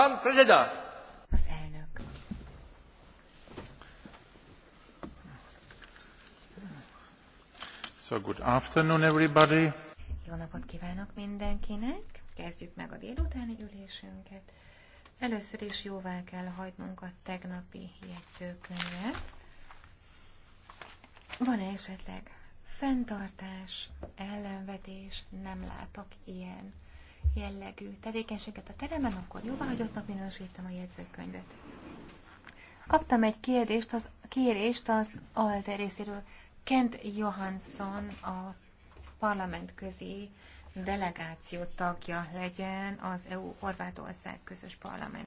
Pan prezident! Az elnök. So good afternoon everybody. Jó napot kívánok mindenkinek. Kezdjük meg a délutáni ülésünket. Először is jóvá kell hagynunk a tegnapi jegyzőkönyvet. Van-e esetleg fenntartás, ellenvetés? Nem látok ilyen jellegű tevékenységet a teremben, akkor jóváhagyottnak minősítem a jegyzőkönyvet. Kaptam egy kérdést, az, kérést az ALDE részéről. Kent Johansson a parlament közé delegáció tagja legyen az EU-Horvátország közös parlament.